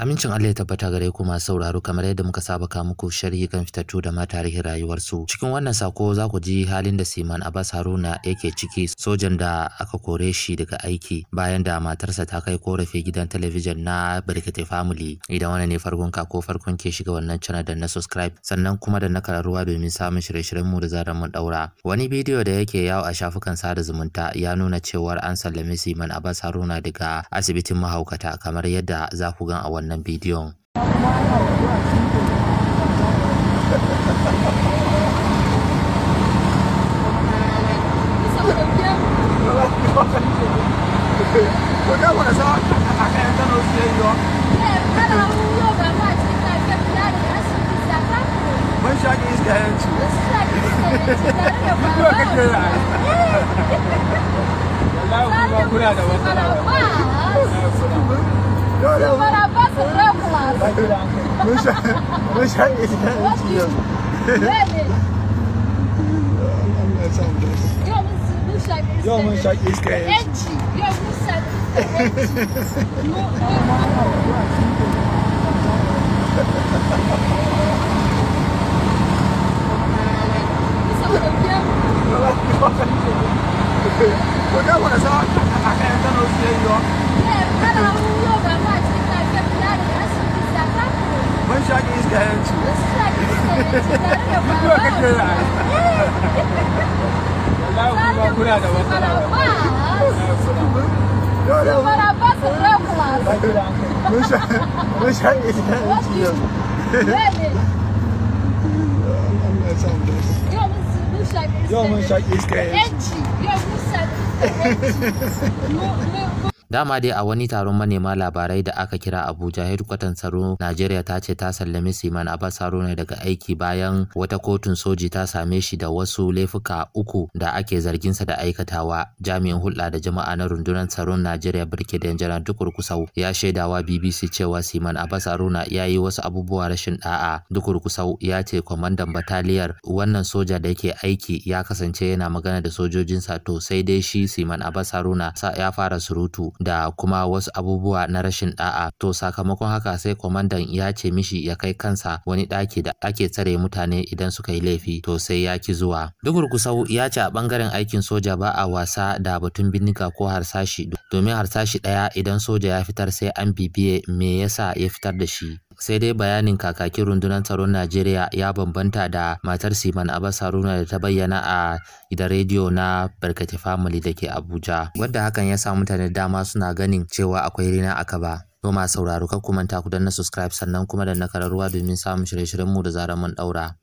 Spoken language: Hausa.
Amincin Allah ya tabbata gare ku masu sauraro kamar yadda muka saba ka muku sharhi kan fitattu da ma tarihin rayuwarsu. Cikin wannan sako za ku ji halin da Siman Abbas Haruna yake ciki sojan da aka kore shi daga aiki bayan da matarsa ta kai korafi gidan talabijin na Barkate Family. Idan wani ne farkon ka ko farkon ke shiga wannan channel da na subscribe sannan kuma da na kararruwa domin samun shirye-shiryen mu da zarar mun daura. Wani bidiyo da yake yawo a shafukan sada zumunta ya nuna cewar an sallami Siman Abbas Haruna daga asibitin mahaukata kamar yadda za ku gan a wannan 能比得上？哈哈哈哈哈！你什么证件？什么证件？我开过来车，打开门，上楼去一个。哎，看到我们要干嘛？警察来了，警察来了！晚上几点去？晚上几点去？你到哪去？我开车来。哎，哈哈哈哈哈！要拉我？不要拉我，不要拉我！不要拉我！We zijn, we zijn in België. Jongens, dat is geen. Jongens, dat is Jongens, dat is geen. Yo, man, shake this guy. Yo, man, shake this guy. Yo, man, shake this guy. Yo, man, shake this guy. Yo, man, shake this guy. Yo, man, Dama dai a wani taron manema labarai da aka kira Abuja hedkwatan tsaro Najeriya ta ce ta sallami Siman Abbas Haruna daga aiki bayan wata kotun soji ta same shi da wasu laifuka uku da ake zarginsa da aikatawa. Jami'in hulɗa da jama'a na rundunar tsaron Najeriya Birkidan Janar Dukur Kusau ya shaidawa BBC cewa Siman Abbas Haruna ya yi wasu abubuwa rashin da'a. Dukur Kusau ya ce kwamandan bataliyar wannan soja da yake aiki ya kasance yana magana da sojojinsa to sai dai shi Siman Abbas Haruna ya fara surutu da kuma wasu abubuwa na rashin da'a to sakamakon haka sai kwamandan ya ce mishi ya kai kansa wani ɗaki da ake tsare mutane idan suka yi laifi to sai ya ki zuwa dugurkusau ya ce a ɓangaren aikin soja ba a wasa da batun bindiga ko harsashi domin harsashi ɗaya idan soja ya fitar sai an bibiye me yasa ya fitar da shi sai dai bayanin kakakin rundunar tsaron najeriya ya bambanta da matar siman abbas haruna da ta bayyana a gidan rediyo na barkati family da ke abuja wadda hakan ya sa mutane dama suna ganin cewa akwai rina aka ba noma sauraro kar ku manta ku danna subscribe sannan kuma da na kararruwa domin samun shirye-shiryenmu da zarar mun daura